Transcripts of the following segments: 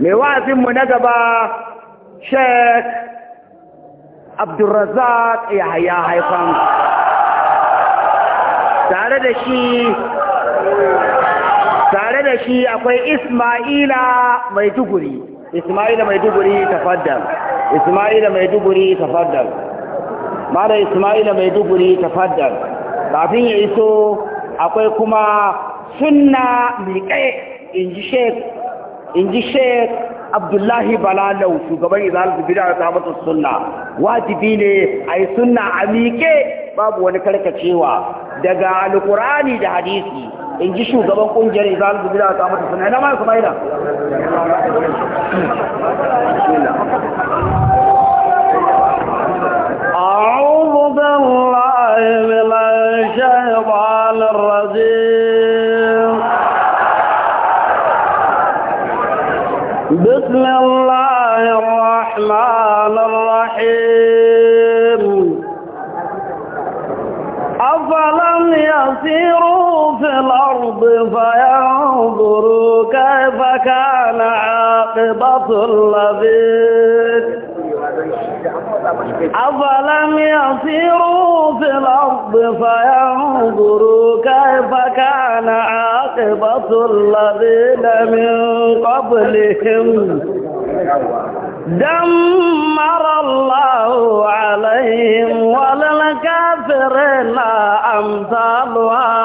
mai mu na gaba sheik abdulrazak yahaya haifan tare da shi tare da shi akwai ismaila mai duguri ismaila mai duguri tafaddal ismaila mai duguri tafaddal mara ismaila mai duguri tafaddal kafin ya iso akwai kuma sunna miƙe in ji sheik in ji sheik abdullahi balalau shugaban izalatu bida da mata sunna wajibi ne a yi sunna a miƙe babu wani karkacewa daga alkurani da hadisi in ji shugaban ƙungiyar izalatu bida da mata sunna ina ma su maida أعوذ بالله من الشيطان الرجيم أفلم يسيروا في الأرض فينظروا كيف كان عاقبة الذين أفلم يسيروا في الأرض فينظروا كيف كان عاقبة الذين من قبلهم دمر الله عليهم وللكافرين أمثالها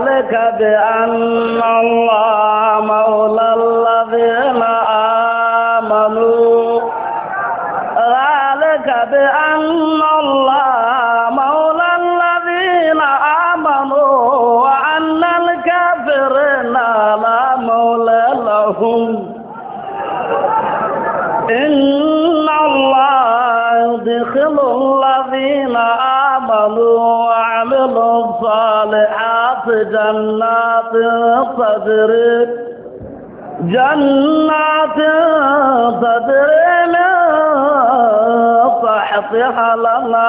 ذلك بأن الله مولى الذين آمنوا ذلك بأن الله مولى الذين آمنوا لكم إن الله يدخل الذين آمنوا وعملوا الصالحات جنات صدر جنات صدر صحتها تحتها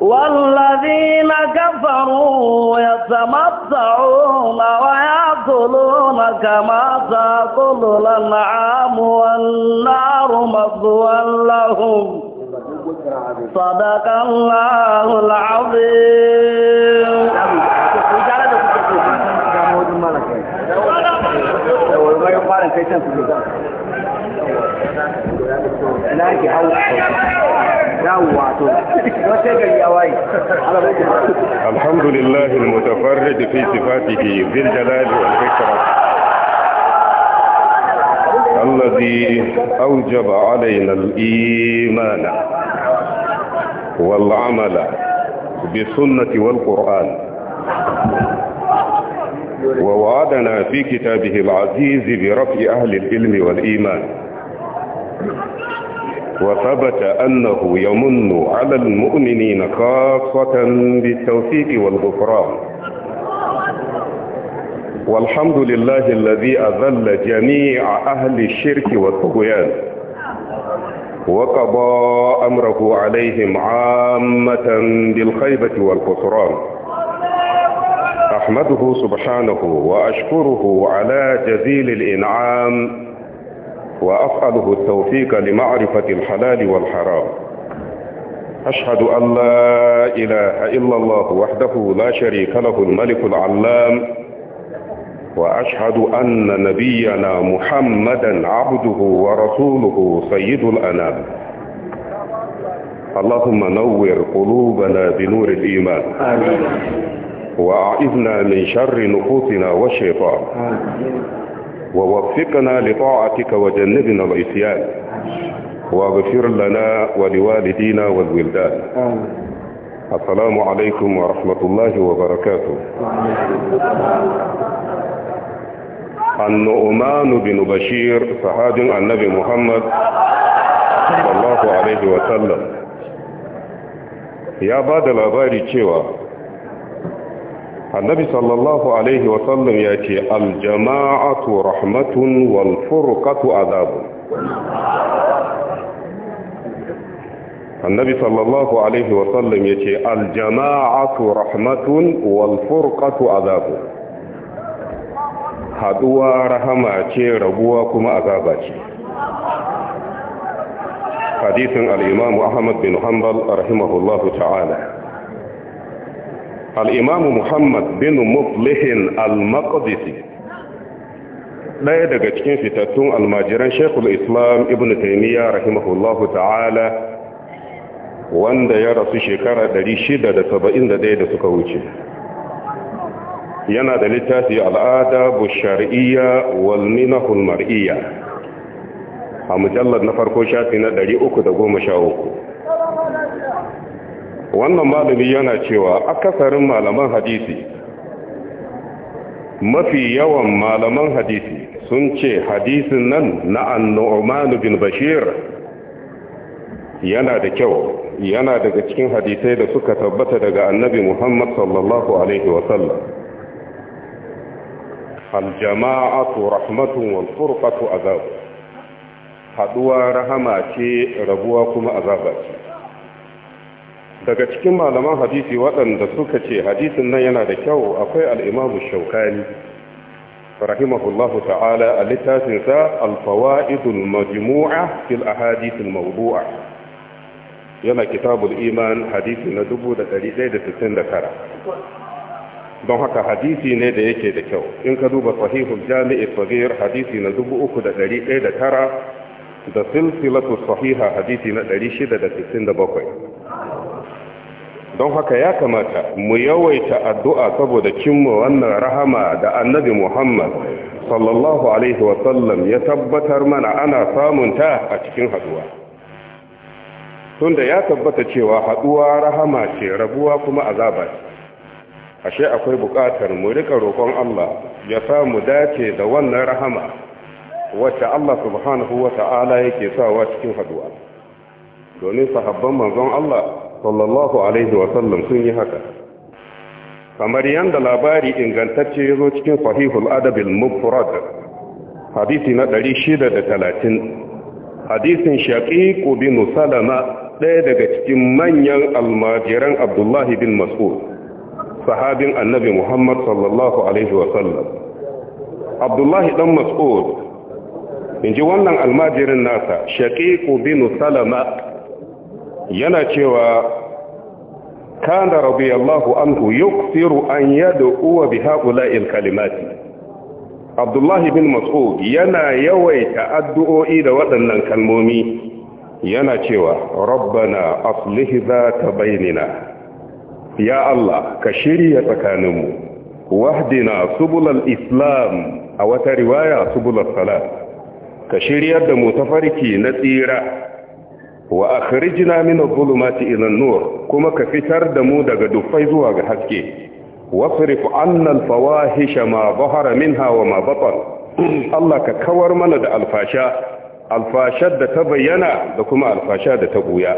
والذين كفروا يتمتعون ويعملون يأكلون كما تأكل الأنعام والنار مضوا لهم صدق الله العظيم لا الحمد لله المتفرد في صفاته ذي الجلال والاكرام الذي أوجب علينا الإيمان والعمل بالسنة والقرآن ووعدنا في كتابه العزيز برفع أهل العلم والإيمان وثبت أنه يمن على المؤمنين خاصة بالتوفيق والغفران والحمد لله الذي أذل جميع أهل الشرك والطغيان وقضى أمره عليهم عامة بالخيبة والخسران أحمده سبحانه وأشكره على جزيل الإنعام وأسأله التوفيق لمعرفة الحلال والحرام أشهد أن لا إله إلا الله وحده لا شريك له الملك العلام وأشهد أن نبينا محمدا عبده ورسوله سيد الأنام اللهم نور قلوبنا بنور الإيمان آمين. وأعذنا من شر نفوسنا والشيطان آمين. ووفقنا لطاعتك وجنبنا العصيان واغفر لنا ولوالدينا والولدان السلام عليكم ورحمة الله وبركاته النؤمان بن بشير صحابي النبي محمد صلى الله عليه وسلم يا بعد الأباري تشيوه annabi sallallahu alaihi wasallam ya ce aljama'atu rahmatun wal furqatu annabi sallallahu alaihi wasallam ya ce aljama'atu rahmatun wal furqatu azabun haduwa rahama ce rabuwa kuma azaba ce hadisin al-imam ahmad bin hanbal rahimahullahu ta'ala al'imamu muhammad bin muflihin al-maqdisi ɗaya daga cikin fitattun almajiran shekul islam ibn taimiyya rahimahullahu ta'ala wanda ya rasu shekara 671 da suka wuce yana da littafi al'ada bu shari'iyya wal mar'iyya a mujallar na farko shafi na 313 wannan malami yana cewa akasarin malaman hadisi mafi yawan malaman hadisi sun ce hadisin nan na annu'man bin bashir yana da kyau yana daga cikin hadisai da suka tabbata daga annabi muhammad sallallahu alaihi wasallam aljama'atu rahmatun wal furqatu azab haduwa rahama ce rabuwa kuma azaba ce daga cikin malaman hadisi waɗanda suka ce hadisin nan yana da kyau akwai al'imamu shaukani rahimahullahu ta'ala a littafinsa alfawa alfawa'idul majmu'a fil ahadithul mawdu'a yana kitabul iman hadisi na 1169 don haka hadisi ne da yake da kyau in ka duba sahihul jami'i sagir hadisi na 3109 da silsilatu sahiha hadisi na 667 don haka ya kamata mu yawaita addu'a saboda cimma wannan rahama da annabi Muhammad sallallahu Alaihi wasallam ya tabbatar mana ana samun ta a cikin haduwa. Tunda ya tabbata cewa haduwa rahama ce rabuwa kuma azaba ce, ashe akwai buƙatar mu rika roƙon Allah ya samu dace da wannan rahama wacce Allah subhanahu wa ta'ala yake sawa cikin haduwa. Domin sahabban manzon Allah sallallahu alaihi wasallam sun yi haka kamar yadda labari ingantacce ya zo cikin sahihul adabil mufrad hadisi na 630 hadisin shaqiq bin salama ɗaya daga cikin manyan almajiran abdullahi bin mas'ud sahabin annabi muhammad sallallahu alaihi wasallam abdullahi dan mas'ud in ji wannan almajirin nasa shaqiq bin salama yana cewa kana radiyallahu anhu yukthiru an yad'u bi ha'ula'il kalimati Abdullahi bin Mas'ud yana yawaita addu'o'i da waɗannan kalmomi yana cewa rabbana aslih zata bainina ya Allah ka shirya tsakaninmu wahdina subulal islam a wata riwaya subulal salat ka shiryar da mu tafarki na tsira wa akhrijna min adh-dhulumati ila nur kuma ka fitar da mu daga dufai zuwa ga haske wasrif 'anna al-fawahisha ma hawa minha wa ma Allah ka kawar mana da alfasha alfashar da ta bayyana da kuma alfasha da ta buya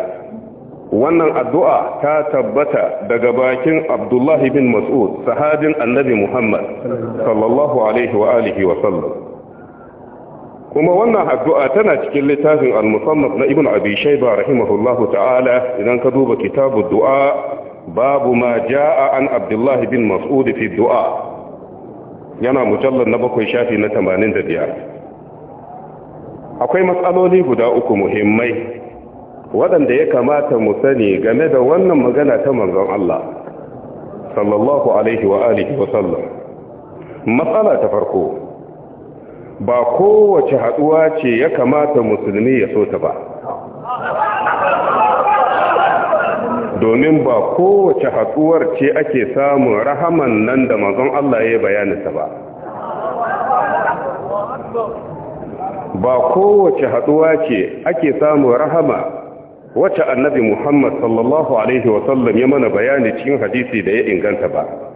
wannan addu'a ta tabbata daga bakin Abdullah bin Mas'ud sahabin Annabi Muhammad sallallahu alaihi wa alihi wa sallam kuma wannan addu'a tana cikin littafin al-musannaf na ibn abi shayba rahimahullahu ta'ala idan ka duba kitabu du'a babu ma jaa an abdullah bin mas'ud fi du'a yana mujallal na bakwai shafi na 85 akwai matsaloli guda uku muhimmai waɗanda ya kamata mu sani game da wannan magana ta manzon Allah sallallahu alaihi wa alihi wa sallam matsala ta farko ba kowace haduwa ce ya kamata musulmi ya so ta ba domin ba kowace haduwar ce ake samun rahaman nan da mazan Allah ya ta ba ba kowace haduwa ce ake samun rahama wacce annabi Muhammad sallallahu alaihi wasallam ya mana bayani cikin hadisi da ya inganta ba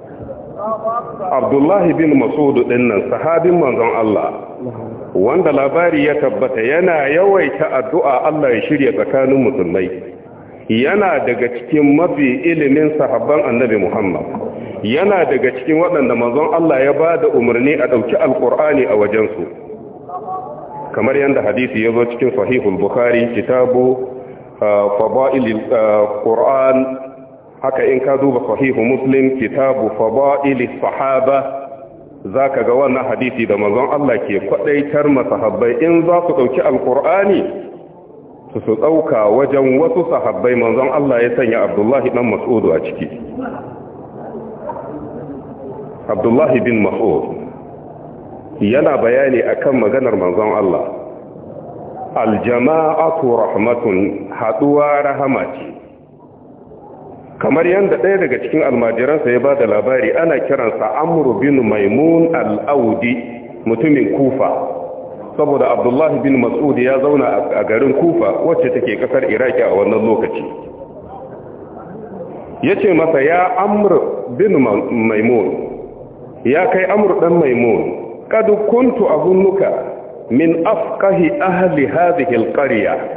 abdullahi bin masudu dinnan sahabin manzon Allah wanda labari ya tabbata yana yawaita addu'a Allah ya shirya tsakanin musulmai yana daga cikin mafi ilimin sahabban annabi Muhammad yana daga cikin waɗanda manzon Allah ya ba da umarni a ɗauki alƙur'ani a wajensu kamar yadda hadisi ya zo cikin sahihul bukhari kitabu ah, fada'il ah, haka in ka duba sahihu muslim kitabu fada'ili sahaba zaka ga wannan hadisi da manzon Allah ke kwadaitar masahabbai in za su dauki alqur'ani su su dauka wajen wasu sahabbai manzon Allah ya sanya Abdullahi dan Mas'ud a ciki Abdullahi bin Mas'ud yana bayani akan maganar manzon Allah aljama'atu rahmatun haduwa rahama kamar yadda ɗaya daga cikin almajiransa ya ba da labari ana kiransa amru bin maimun al'audi mutumin kufa saboda abdullahi bin mas'ud ya zauna a garin kufa wacce take kasar iraki a wannan lokaci ya ce masa ya amru bin maimun ya kai amru ɗan maimun kad kuntu min afkahi ahli hadhihi alqarya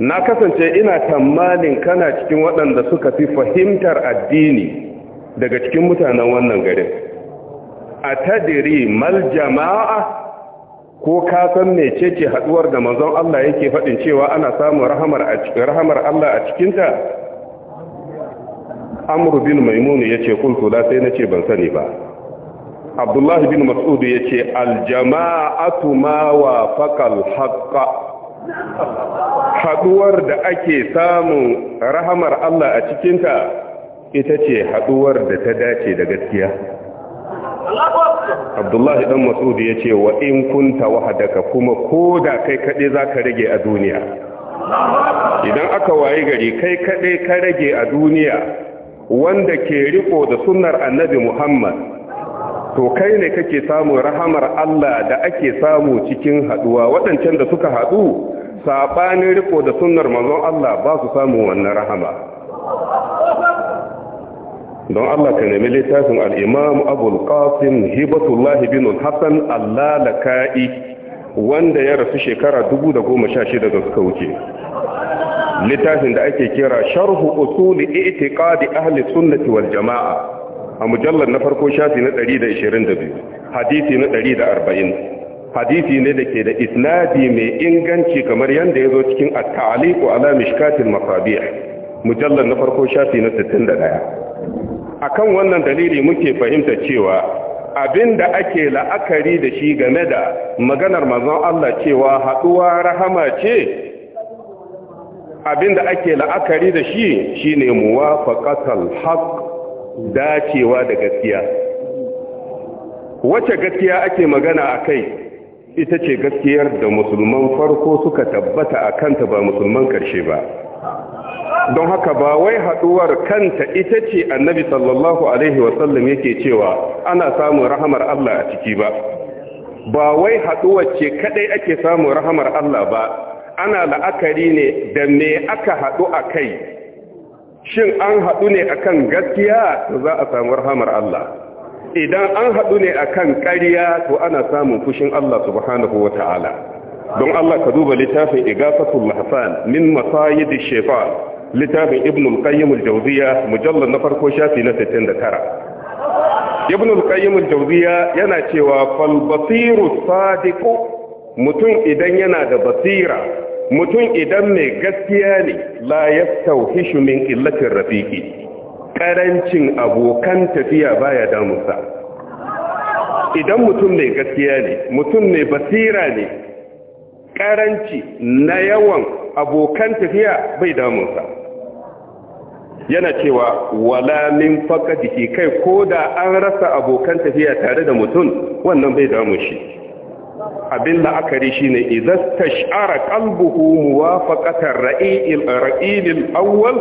na kasance ina tamanin kana cikin waɗanda suka fi fahimtar addini daga cikin mutanen wannan garin a tadiri mal jama'a ko kasan san mece haɗuwar da manzon Allah yake faɗin cewa ana samun rahamar a Allah a cikinta Amr bin Maimun yace kuntu la sai nace ban sani ba Abdullah bin Mas'ud yace al jama'atu ma wafaqa fakal haqq haduwar da ake samun rahamar Allah a cikinta ita ce haduwar da ta dace da gaskiya Abdullahi dan Mas'ud ya ce wa in kunta wahadaka kuma koda kai kade zaka rage a duniya idan aka waye gari kai kade ka rage a duniya wanda ke riko da sunnar annabi Muhammad to kai ne kake samun rahamar Allah da ake samu cikin haduwa waɗancan da suka haɗu. saɓanin riko da sunnar manzon Allah ba su samu wannan rahama don Allah ka nemi littafin al'imam abul qasim hibatullah bin hassan al-Lalaka'i, wanda ya rasu shekara 2016 da suka wuce littafin da ake kira sharhu usuli i'tiqadi ahli sunnati wal jama'a a mujallar na farko shafi na 122 hadisi na 140 hadisi ne da ke da isnadi mai inganci kamar yadda ya zo cikin at-ta'liqu ala mishkatil maqabih mujallal na farko shafi na 61 akan wannan dalili muke fahimta cewa abinda ake la'akari da shi game da maganar manzon Allah cewa haɗuwa rahama ce abinda ake la'akari da shi shine muwafaqatal haqq dacewa da gaskiya wace gaskiya ake magana a kai ita ce gaskiyar da musulman farko suka tabbata a kanta ba musulman karshe ba don haka ba wai haɗuwar kanta ita ce annabi sallallahu alaihi wasallam yake cewa ana samun rahamar Allah a ciki ba ba wai haɗuwar ce kaɗai ake samun rahamar Allah ba ana la'akari ne da me aka haɗu a kai shin an haɗu ne akan gaskiya za a samu rahamar Allah idan an haɗu ne akan ƙarya to ana samun fushin Allah subhanahu wa ta'ala don Allah ka duba littafin igafatul hasan min da Shefa, littafin ibn al Jauziya mujallar na farko shafi na 69 ibn al-qayyim yana cewa falbasiru basiru mutum idan yana da basira mutum idan mai gaskiya ne la yastawhishu min qillatir rafiki. karancin abokan tafiya baya damunsa idan mutum ne gaskiya ne mutum mai basira ne karanci na yawan abokan tafiya bai damunsa yana cewa wala min faqadihi kai ko da an rasa abokan tafiya tare da mutum wannan bai damu shi abin la'akari shi ne izastashara ƙalbuhu muwafaqatar ra'il ra'ilil awwal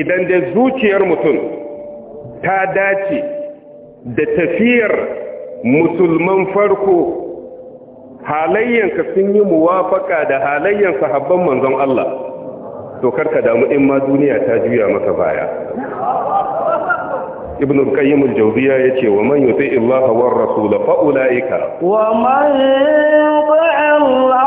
idan da zuciyar mutum ta dace da tafiyar musulman farko halayyanka sun yi muwafaka da halayyan sahabban manzon Allah to ka damu in ma duniya ta juya maka baya ibn al-qayyim al-jawziya yace wa man yuti illaha wa fa ulaika wa man yuti Allah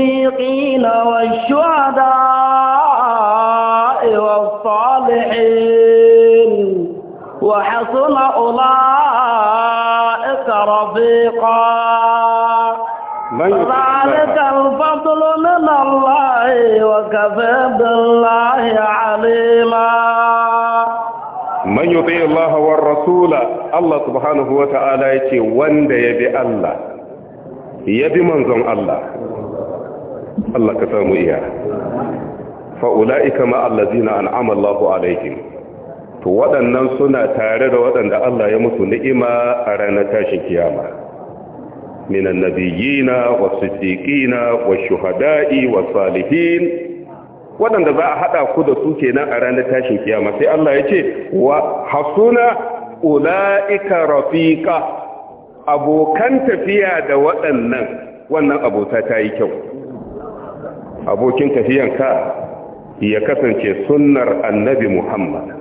الصديقين والشهداء والصالحين وحسن أولئك رفيقا ذلك الفضل من الله وكفى بالله عليما من يطيع الله والرسول الله سبحانه وتعالى يتي وند يبي الله يبي منظم الله Allah ka samu iya fa'ula'ika ma'allazina an'ama Allahu alaihim to waɗannan suna tare da waɗanda Allah ya mutu ni'ima a ranar tashin kiyama minan nabiyina wasu siƙina wasu hada'i wasu salihin waɗanda za a haɗa ku da su kenan a ranar tashin kiyama sai Allah ya ce wa hasuna ula'ika rafiƙa abokan tafiya da waɗannan wannan abota ta yi kyau abokin tafiyanka ya kasance sunnar annabi Muhammad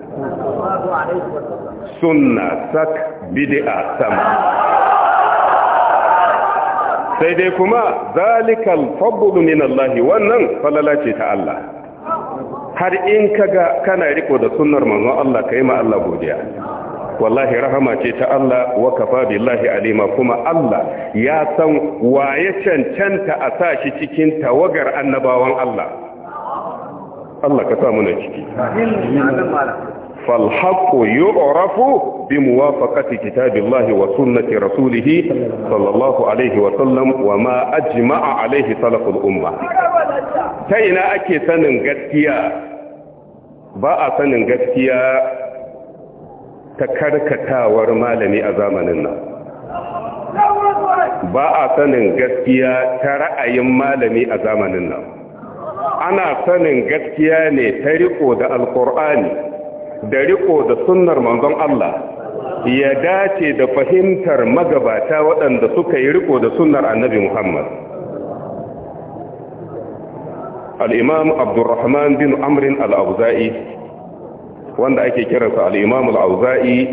sunna sak bid'a sama sai dai kuma zalikal fadlu min Allah wannan falala ce ta Allah har in kaga kana riko da sunnar manzon Allah kai ma Allah godiya wallahi rahama ce ta Allah wa kafa billahi alima kuma Allah ya san waye cancanta a sa shi cikin tawagar annabawan Allah Allah ka samu na ciki فالحق يعرف بموافقة كتاب الله وسنة رسوله صلى الله عليه وسلم وما أجمع عليه سلف الأمة تينا أكي سنن باء سنن ta karkatawar malami a zamanin nan ba a sanin gaskiya ta ra'ayin malami a zamanin nan ana sanin gaskiya ne ta riko da alkur'ani da riko da sunnar manzon Allah ya dace da fahimtar magabata waɗanda suka yi riko da sunnar annabi Muhammad al-imam abdurrahman bin amrin al-auza'i wanda ake kiransa al'imamul imam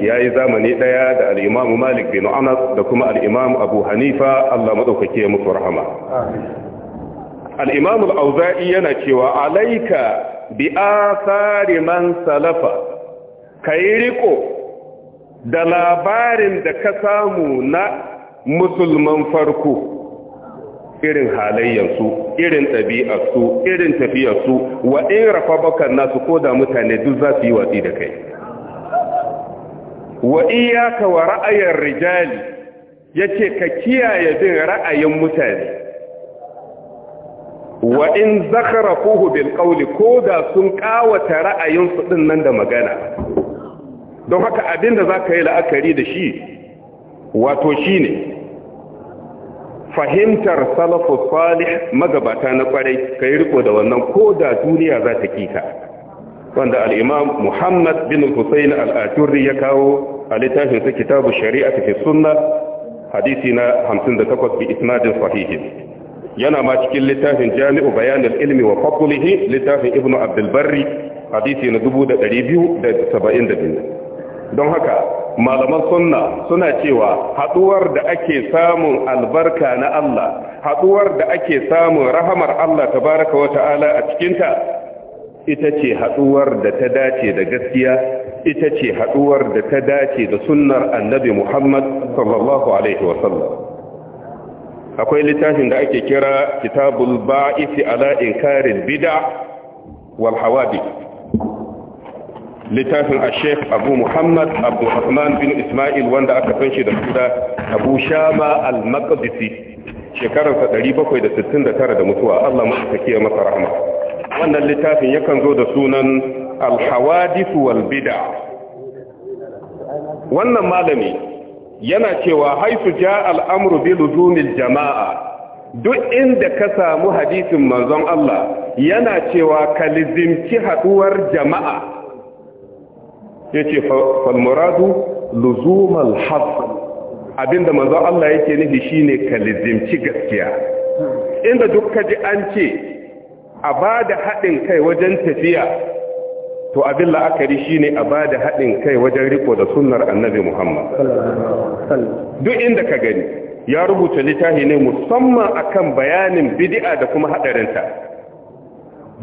ya yi zamani ɗaya da al'imamu Malik bin Anas da kuma al'imamu Abu Hanifa Allah madaukake ya musu rahama al-Imam auzai yana cewa alaika bi athari man salafa kayi riko da labarin da ka samu na musulman farko irin halayyarsu irin ɗabi'arsu irin tafiyarsu wa in rafa bakan nasu ko da mutane duk za su yi watsi da kai wa iyaka wa ra'ayar rijali yace ka kiyaye bin ra'ayin mutane wa in zakharafuhu bil qawli ko da sun kawata ra'ayinsu din nan da magana don haka abinda zaka yi la'akari da shi wato shi ne. fahimtar salafu salih magabata na kwarai kai riko da wannan ko da duniya za ta kika wanda alimam Muhammad bin Hussein al ya kawo a littafin sa kitabu shari'a fi sunna hadisi na 58 bi isnadin sahihin yana ma cikin littafin jami'u bayanin ilmi wa fadlihi littafin ibnu abdul barri hadisi na 2272 don haka malaman sunna suna cewa haduwar da ake samun albarka na Allah haduwar da ake samun rahamar Allah tabaraka wa ta'ala a cikinta ita ce haduwar da ta dace da gaskiya ita ce haduwar da ta dace da sunnar annabi Muhammad sallallahu alaihi wa sallam akwai littafin da ake kira kitabul ba'isi ala inkaril bid'a wal hawadith littafin ashek abu muhammad abdulrahman bin ismail wanda aka san shi da suna abu shama al-maqdisi shekararsa 769 da mutuwa allah masu ya masa rahama wannan littafin yakan zo da sunan al hawadisu wal bid'a wannan malami yana cewa haisu ja al'amru bi luzumil jama'a duk inda ka samu hadisin manzon Allah yana cewa ka lizimci haɗuwar jama'a ya ce falmuradu luzumal haf abinda manzo Allah yake nufi shine kalizimci gaskiya inda duk kaji an ce a ba da haɗin kai wajen tafiya to abin la'akari shine a bada haɗin kai wajen riko da sunnar annabi Muhammad duk inda ka gani ya rubuta littafi ne musamman akan bayanin bid'a da kuma haɗarinta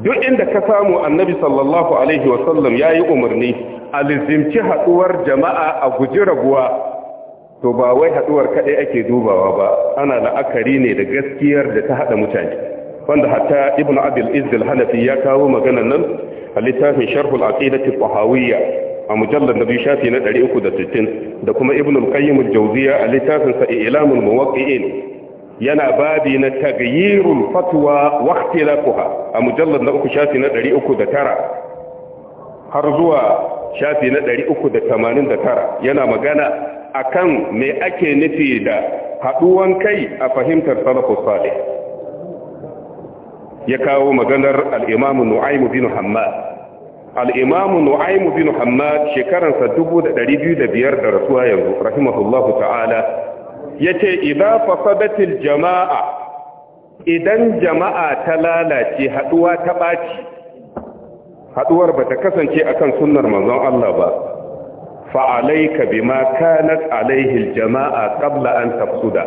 duk inda ka samu annabi sallallahu alaihi wasallam ya yi umarni a lizimci haɗuwar jama'a a guji raguwa to ba wai haɗuwar kaɗai ake dubawa ba ana la'akari ne da gaskiyar da ta haɗa mutane wanda hatta ibn abdul izdil hanafi ya kawo magana nan a littafin sharhul aqidati tahawiyya a mujallar nabi shafi na 360 da kuma ibn al-qayyim al a littafin sa ilamul muwaqqi'in yana babi na tagayirul fatwa wa ikhtilafuha a mujallar na uku shafi na 309 har zuwa shafi na 389 yana magana akan me ake nufi da haduwan kai a fahimtar salafus salih ya kawo maganar al-imam bin hammad al-imam bin hammad shekaransa 2205 da rasuwa yanzu rahimahullahu ta'ala yace idza fasadatil jama'a idan jama'a ta lalace haduwa ta baci haduwar ta kasance akan sunnar manzon Allah ba fa alayka bima kanat alayhi jama'a qabla an tafsuda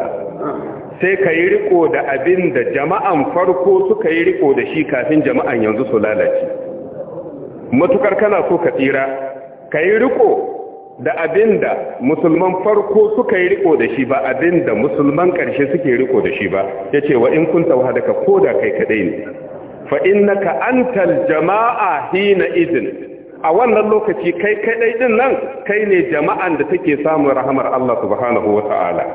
sai ka yi riko da abin da jama'an farko suka yi riko da shi kafin jama'an yanzu su lalace matukar kana so ka tsira ka yi riko da abinda musulman farko suka yi riko da shi ba abinda musulman ƙarshe suke riko da shi ba yace wa in kunta ko koda kai kadai ne fa ka antal jama'a hina idin a wannan lokaci kai kadai din nan kai ne jama'an da take samun rahamar Allah subhanahu wata'ala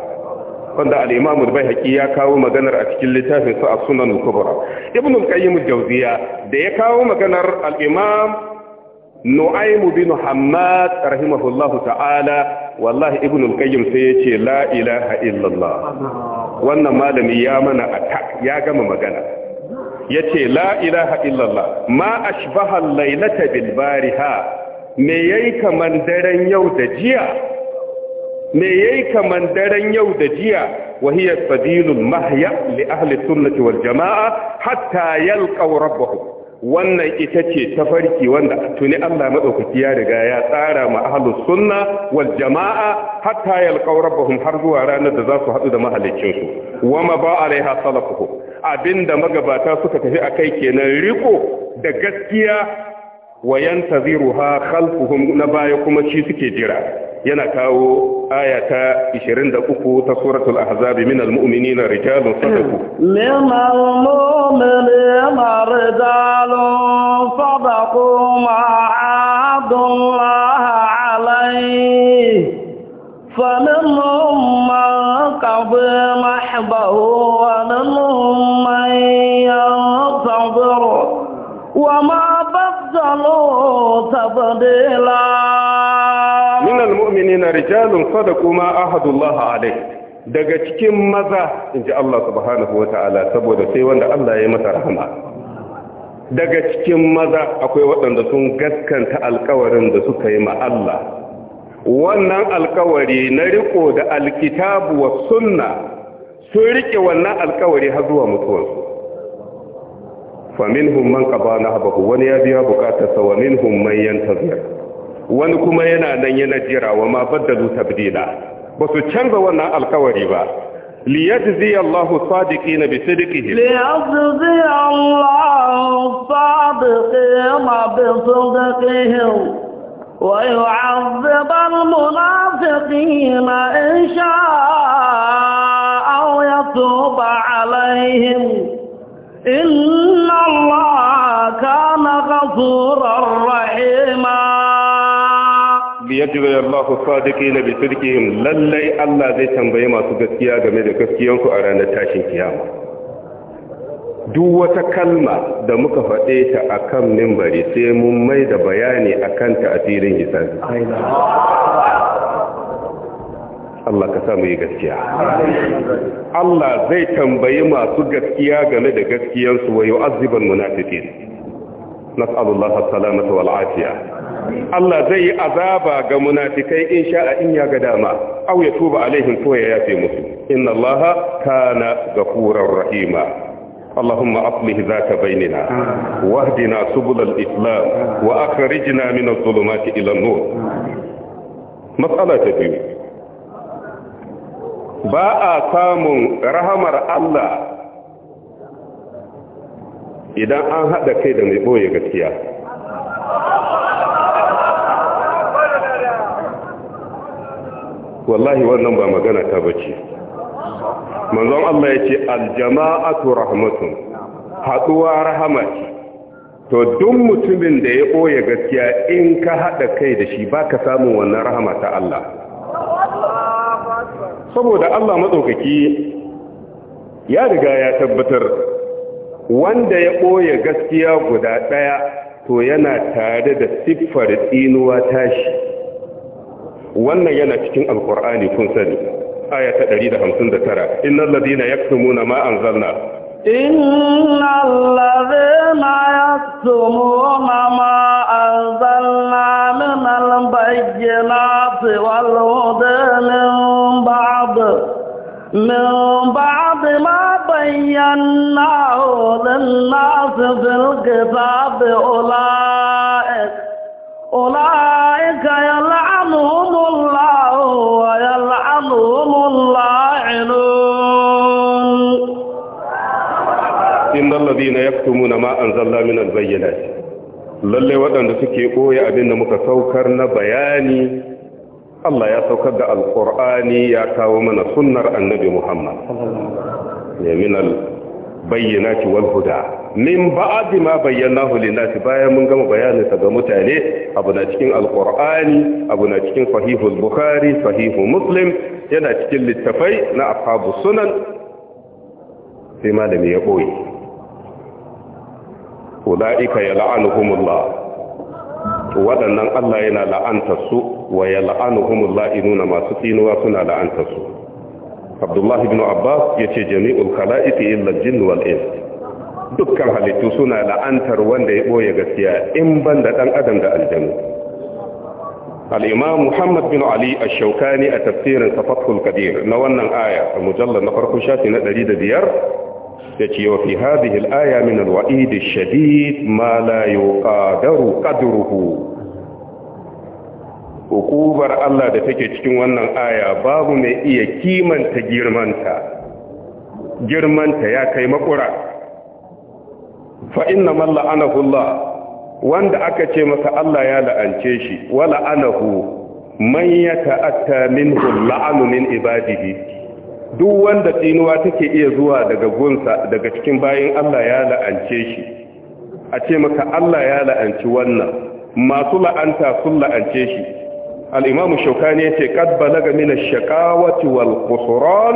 wanda Alimamu da bai baihaqi ya kawo maganar a cikin littafin a sunan al-Kubra Ibn al-Qayyim al-Jawziya da ya kawo maganar al nu'aimu bin hammad rahimahullahu ta'ala wallahi ibn al-qayyim sai yace la ilaha illallah wannan malami ya mana attack ya gama magana yace la ilaha illallah ma ashbaha al-lailata bil bariha me yayi kaman daren yau da jiya me yayi kaman daren yau da jiya wahiya sabilul mahya li ahli sunnati wal jamaa hatta yalqaw rabbahum wannan ita ce ta farki wanda tuni Allah maɗaukaki ya riga ya tsara ma ahlus sunna wal jama'a hatta yalqaw rabbahum har zuwa ranar da za su haɗu da mahalicin su ma ba alaiha salafuhu abinda magabata suka tafi akai kenan riko da gaskiya wa yantaziruha khalfuhum na baya kuma shi suke jira yana kawo ayata ta 23 ta suratul ahzabi min almu'minina rijalun sadaqu min na rijalun sadaqu ma adullah alayhi famin سبيلا من mu'minina rijalun sadaku ma عهدوا alayh. daga cikin maza inji Allah subhanahu wa ta'ala saboda sai wanda Allah ya yi masa rahama daga cikin maza akwai waɗanda sun gaskanta alkawarin da suka yi ma Allah wannan alkawari na riko da alkitabu wa sunna sun rike wannan alkawari har zuwa mutuwarsu faminhum man qada nahbahu wani ya biya bukatarsa wa minhum man yantazir wani kuma yana nan yana jira wa ma baddalu tabdila basu canza wannan alkawari ba liyajzi Allahu sadiqina bi sidqihim liyajzi Allahu sadiqina bi sidqihim ويعذب المنافقين إن شاء أو يتوب عليهم إن الله كان غفورا رحيما ليجزي na bi بصدقهم Lallai Allah zai تنبيه masu gaskiya game da gaskiyanku a ranar tashin kiyama duk wata kalma da muka faɗe ta akan mimbari sai mun mai da bayani a kan a filin hisabi Allah ka sa mu yi gaskiya Allah zai tambayi masu gaskiya game da gaskiyansu wa yu'azziban munafiqin nas'alullah as-salamata wal afiya Allah zai yi azaba ga munafikai in sha'a in ya ga dama aw ya tuba alaihim ko ya yafe musu inna Allah kana ghafurar rahima اللهم أصلح ذات بيننا واهدنا سبل الإسلام وأخرجنا من الظلمات إلى النور مسألة تبيو ba a samun rahamar Allah idan an haɗa kai da mai ɓoye gaskiya wallahi wannan ba magana ta bace manzon Allah ya ce aljama'atu rahmatun haɗuwa rahama ce to duk mutumin da ya ɓoye gaskiya in ka haɗa kai da shi ba ka samun wannan rahama ta Allah saboda Allah matsaukaki ya riga ya tabbatar wanda ya ɓoye gaskiya guda ɗaya to yana tare da siffar tsinuwa tashi wannan yana cikin alkur'ani kun sani aya ta 159 innal ladina yaktumuna ma anzalna innal ladina yaktumuna ma anzalna min al-bayyinati wal huda من بعد ما بيناه للناس في الكتاب أولئك أولئك يلعنهم الله ويلعنهم اللاعنون إن الذين يكتمون ما أنزلنا من البينات lallai waɗanda suke ɓoye abin da muka saukar na bayani Allah ya saukar da alkur'ani ya kawo mana sunnar annabi Muhammad ne bayyana ki wal huda min ba'd ma bayyanahu lin-nasi bayan mun gama bayanin sa ga mutane abu na cikin alkur'ani abu na cikin sahihul bukhari sahihu muslim yana cikin littafai na ashabus sunan sai malami ya boye ulaika yal'anuhumullah waɗannan Allah yana la'anta su wa yal'anuhumul la'inuna masu tsinuwa suna la'anta su Abdullah ibn Abbas yace jami'ul khalaiqi illa jinn wal ins dukkan halittu suna la'antar wanda ya boye gaskiya in banda dan adam da aljanu al-imam Muhammad bin Ali ash-Shawkani a tafsirin Safathul kadir, na wannan aya a mujallal na farko shafi na 105 yace wa fi hadhihi al-aya min al-wa'id ash-shadid ma la yuqadaru qadruhu hukubar Allah da take cikin wannan aya babu mai iya kimanta girmanta girmanta ya kai makura fa inna man la'anahu Allah wanda aka ce masa Allah ya la'ance shi wala anahu man yata'atta minhu la'anu min ibadihi duk wanda tsinuwa take iya zuwa daga gunsa daga cikin bayin Allah ya la'ance shi a ce maka Allah ya la'anci wannan masu la'anta sun la'ance shi al-imam shaukani yace qad balaga min ash-shaqawati wal khusran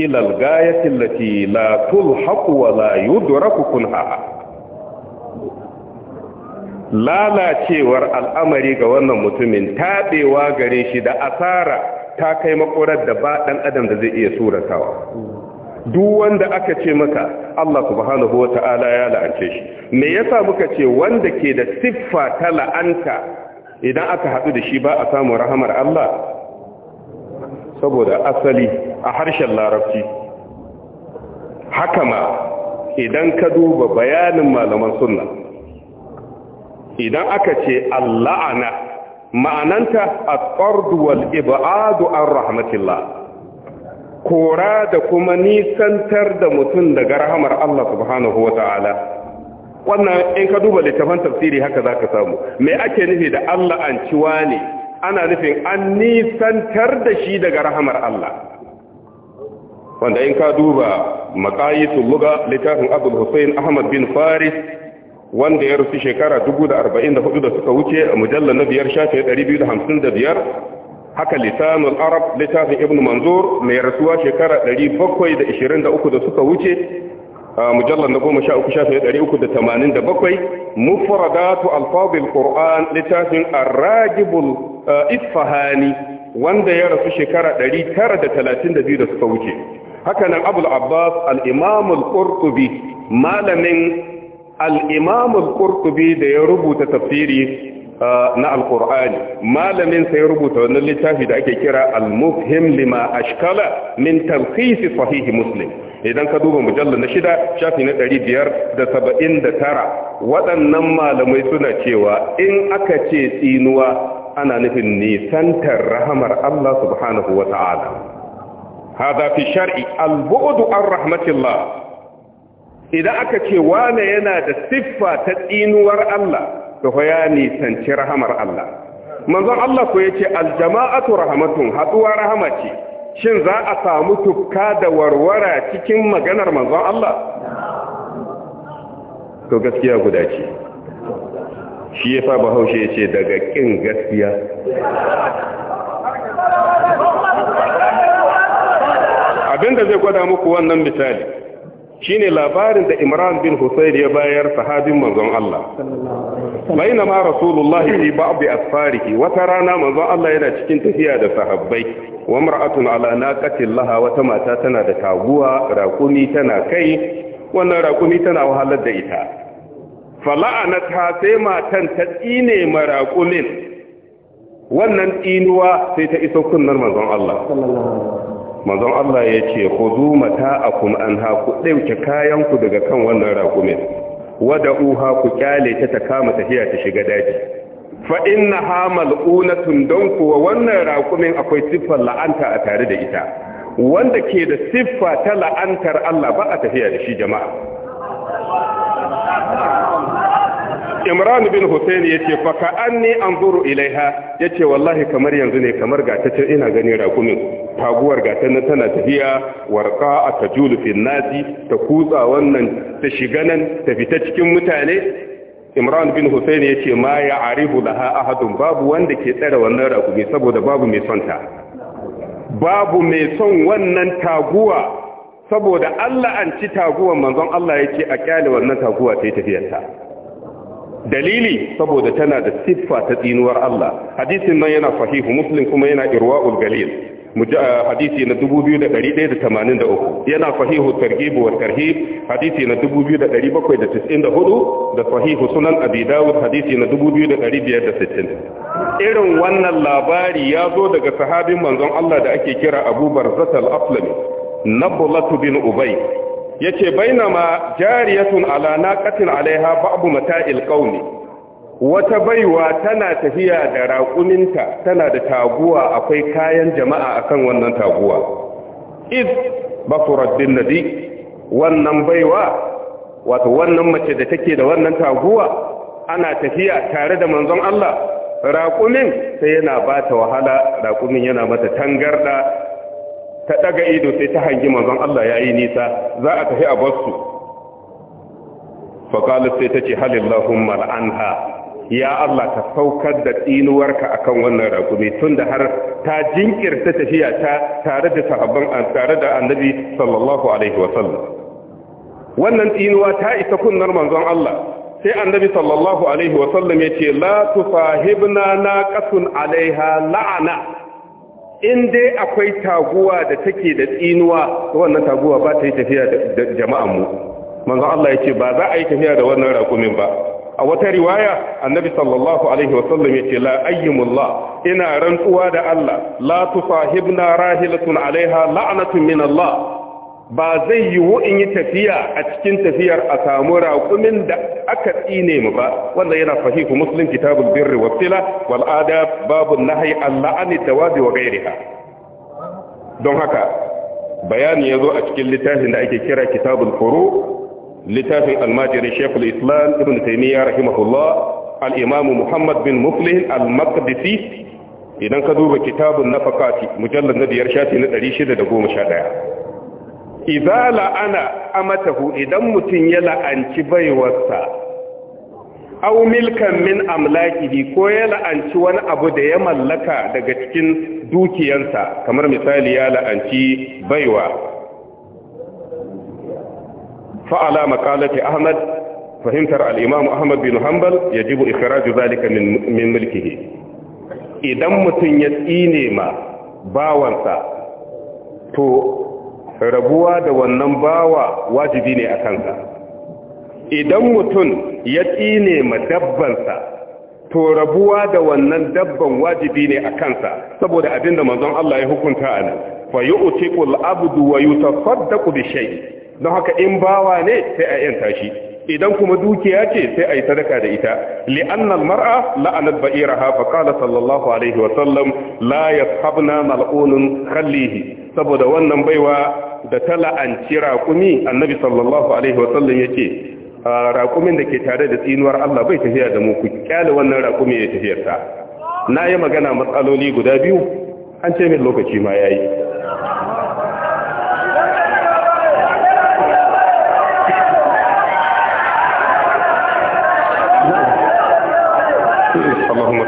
ila al-ghayati allati la tulhaqu wa la yudraku kunha lalacewar al'amari ga wannan mutumin tabewa gare shi da asara ta kai makorar da ba dan adam da zai iya suratawa duk wanda aka ce maka Allah subhanahu wa ta'ala ya la'ance shi me yasa muka ce wanda ke da siffa ta la'anta idan aka haɗu da shi ba a samu rahamar Allah saboda asali a harshen larabci haka ma idan ka duba bayanin malaman sunna idan aka ce alla'ana ma'ananta a tsarduwal ibadu an rahmatillah kora da kuma nisantar da mutum daga rahamar Allah subhanahu wa ta'ala wannan in ka duba littafin tafsiri haka za ka samu me ake nufi da Allah an ciwa ne ana nufin an nisantar da shi daga rahamar Allah wanda in ka duba maqayitul luga littafin Abdul Hussein Ahmad bin Faris wanda ya rasu shekara 1044 da suka wuce a mujallar na biyar shafe 255 haka lisanul arab littafin ibn manzur mai rasuwa shekara 723 da suka wuce mujallar na goma sha uku shafi ɗari uku da tamanin da bakwai mufradatu alfabil qur'an littafin arragibul eh, isfahani wanda ya rasu shekara ɗari tara da talatin da biyu da suka wuce hakanan abul abbas al-imam malamin al-imam da ya rubuta tafsiri na alkur'ani malamin sai rubuta wannan littafi da ake kira al-mufhim lima ashkala min talqis sahih muslim idan ka duba mujallal na shida shafi na 579 waɗannan malamai suna cewa in aka ce tsinuwa ana nufin nisantar rahamar Allah subhanahu wa hada fi shar'i al-bu'du an rahmatillah idan aka ce wane yana da siffa ta tsinuwar Allah to ya nisanci rahamar Allah manzon Allah ko yace aljama'atu rahmatun haɗuwa rahama ce shin za a samu tufka da warwara cikin maganar manzon Allah to gaskiya guda ce shi yasa bahaushe yace daga kin gaskiya abinda zai gwada muku wannan misali shine labarin da Imran bin Husayn ya bayar sahabin manzon Allah bainama rasulullahi fi ba'd asfarihi wata rana manzon Allah yana cikin tafiya da sahabbai wa mar'atun ala naqatin laha wata mata tana da taguwa raƙumi tana kai wannan raƙumi tana wahalar da ita fala'anata sai matan ta tsine ma raƙumin wannan tsinuwa sai ta iso kunnar manzon Allah manzon Allah ya ce mata a kuma ku dauke kayan ku daga kan wannan raƙumin wada uha ku kyale ta ta kama tafiya ta shiga daji fa inna innaha mal'unatun don kuwa wannan raƙumin akwai siffar la'anta a tare da ita wanda ke da siffa ta la'antar Allah ba a tafiya da shi jama'a imran bin hussein ya ce faka an ne an zuru ilaiha ya ce wallahi kamar yanzu ne kamar ga ta ina gani rakumin taguwar gata nan tana tafiya warka a ta julufin nasi ta kutsa wannan ta shiga nan ta fita cikin mutane imran bin hussein ya ce ma ya arihu da ahadun babu wanda ke tsare wannan rakumi saboda babu mai son ta babu mai son wannan taguwa saboda allah an ci taguwan manzon allah ya ce a kyale wannan taguwa ta yi tafiyarta dalili saboda tana da siffa ta tsinuwar allah hadisin nan yana fahihu muslim kuma yana irwa'ul galil hadisi na 2183 yana sahihu targhib wa tarhib hadisi na 2794 da sahihu sunan abi dawud hadisi na 2560 irin wannan labari ya zo daga sahabin manzon Allah da ake kira Abu Barzat al-Aslami Nabulatu bin Ubay yace bainama jariyatun ala naqatin alaiha ba'd mata'il qaumi wata baiwa tana tafiya da raƙuminta tana da taguwa akwai kayan jama'a akan wannan taguwa iz basurat bin nadi wannan baiwa wato wannan mace da take da wannan taguwa ana tafiya tare da manzon Allah raƙumin sai yana bata wahala raƙumin yana mata tangarda ta daga ido sai ta hangi manzon Allah yayi nisa za a tafi a basu faqalat sai tace halillahumma al'anha ya Allah ka saukar da tsinuwarka akan wannan raƙumi da har ta jinkirta tafiya ta tare da sahabban tare da annabi sallallahu alaihi wa sallam wannan tsinuwa ta isa kunnar manzon Allah sai annabi sallallahu alaihi wa sallam ce la tusahibna naqatun alaiha la'ana in dai akwai taguwa da take da tsinuwa wannan taguwa ba ta yi tafiya da jama'an mu manzon Allah ya ce ba za a yi tafiya da wannan raƙumin ba a wata riwaya annabi sallallahu alaihi wasallam yace la ayyumullah ina rantsuwa da Allah la tusahibna rahilatun alaiha la'natun min Allah ba zai yiwu in yi tafiya a cikin tafiyar a samu raƙumin da aka tsine mu ba wanda yana sahihu muslim kitabul birri wa sila wal adab babu nahyi an la'ani tawabi wa ghairiha don haka bayani yazo a cikin littafin da ake kira kitabul furu littafin almajirin shekul islam ibn taimiyya rahimahullah al'imamu muhammad bin muflin al-maqdisi idan ka duba kitabun nafakati mujallar na biyar shafi na 611 Iza la'ana amatahu idan mutum ya la'anci baiwarsa aw milkan min amlakihi ko ya la'anci wani abu da ya mallaka daga cikin dukiyansa kamar misali ya la'anci baiwa fa'ala maqalati ahmad fahimtar al-imam ahmad bin hanbal yajibu ikhraju zalika min mulkihi idan mutum ya tsine ma bawansa to rabuwa da wannan bawa wajibi ne a kansa idan ya ma dabbansa to rabuwa da wannan dabban wajibi ne a kansa saboda abinda manzon Allah ya hukunta a nan fa yu'tiqul abdu wa yutasaddaqu bi shai. don haka in bawa ne sai a yanta shi idan kuma dukiya ce sai a yi sadaka da ita li'annal mar'a la'anat ba'iraha fa qala sallallahu alaihi wa sallam la yashabna mal'unun khallihi saboda wannan baiwa da ta la'anci raƙumi annabi sallallahu alaihi wa sallam yake raƙumin da ke tare da tsinuwar Allah bai tafiya da mu ku kyale wannan raƙumi ya tafiyarsa na yi magana matsaloli guda biyu an ce min lokaci ma ya yi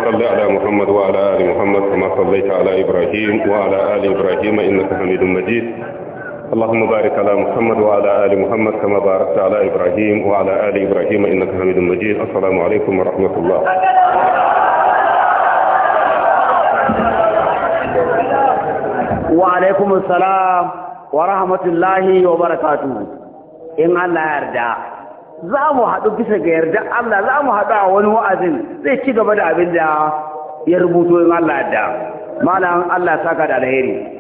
صل على محمد وعلى آل محمد كما صليت على إبراهيم وعلى آل إبراهيم إنك حميد مجيد اللهم بارك على محمد وعلى آل محمد كما باركت على إبراهيم وعلى آل إبراهيم إنك حميد مجيد السلام عليكم ورحمة الله وعليكم السلام ورحمة الله وبركاته إن الله يرجع za mu haɗu bisa ga yarda Allah za mu haɗu a wani wa'azin zai ci gaba da abin da ya rubuto in Allah da malam Allah saka da alheri